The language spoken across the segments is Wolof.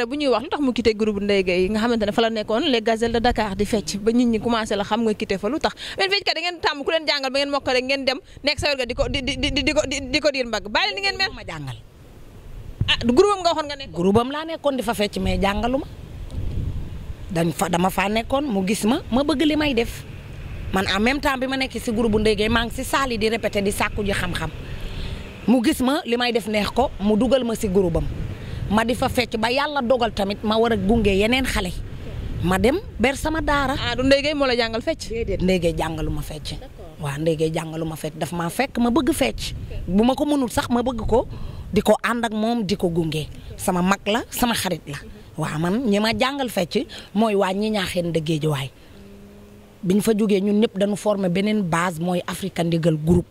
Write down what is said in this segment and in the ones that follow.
après bu ñuy wax lutax mu quitter groupe ndey gay nga xamantene ne fa la nekkone les gazelles de Dakar di fecc ba nit ñi commencé la xam nga quitter fa lutax tax fecc da ngeen tam ku leen jangal ba ngeen ngeen dem nek sa di ko di di di di ko di ko diir ni ngeen mel ma jangal ah groupe am nga waxon nga nekk groupe am la nekkone di fa fecc mais jangaluma dañ fa dama fa nekkone mu gis ma ma bëgg li may def man en même temps bima ma nekk si groupe ndey gay ngi di répéter di sakku ji xam-xam mu gis ma limay def neex ko mu duggal ma ci groupe ma di fa fecc ba yàlla dogal tamit ma war a gunge yeneen xale ma dem ber sama daara. ah du Ndeye Gueye moo la jàngal fecc. déedéet Ndeye jàngalu ma fecc. waa Ndeye jàngalu ma fecc daf maa fekk ma bëgg fecc. bu ma ko mënul sax ma bëgg ko di ko ànd ak moom di ko gunge sama mag la sama xarit la waaw man ñi ma jàngal fecc mooy waa ñi ñaaxeen de Géejawaay biñ fa jógee ñun ñëpp dañu former beneen base mooy Africa Ndigal groupe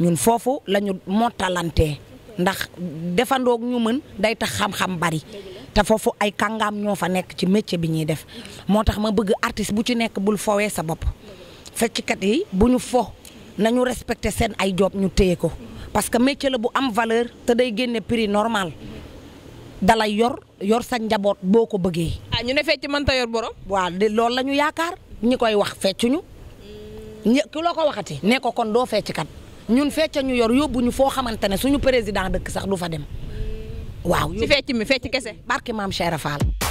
ñun foofu lañu ñu mottalantee ndax defandoog ñu mën day tax xam-xam bari te foofu ay kàngaam ñoo fa nekk ci métier bi ñuy def moo tax ma bëgg artiste bu ci nekk bul fowee sa bopp fecckat yi bu ñu fo nañu respecté seen ay job ñu téye ko parce que métier la bu am valeur te day génne prix normal dala yor yor sa njaboot boo ko bëggee. ah ñu ne fecc mën ta yor borom. waaw de loolu la ñu yaakaar ñi koy wax feccuñu ñi ku la ko waxati ne ko kon doo fecckat. ñun fecc ñu yor yóbbu ñu foo xamante ne suñu président dëkk sax du fa dem mm. waaw. ci fecc mi fecc kese. barke maam Cheikh Fall.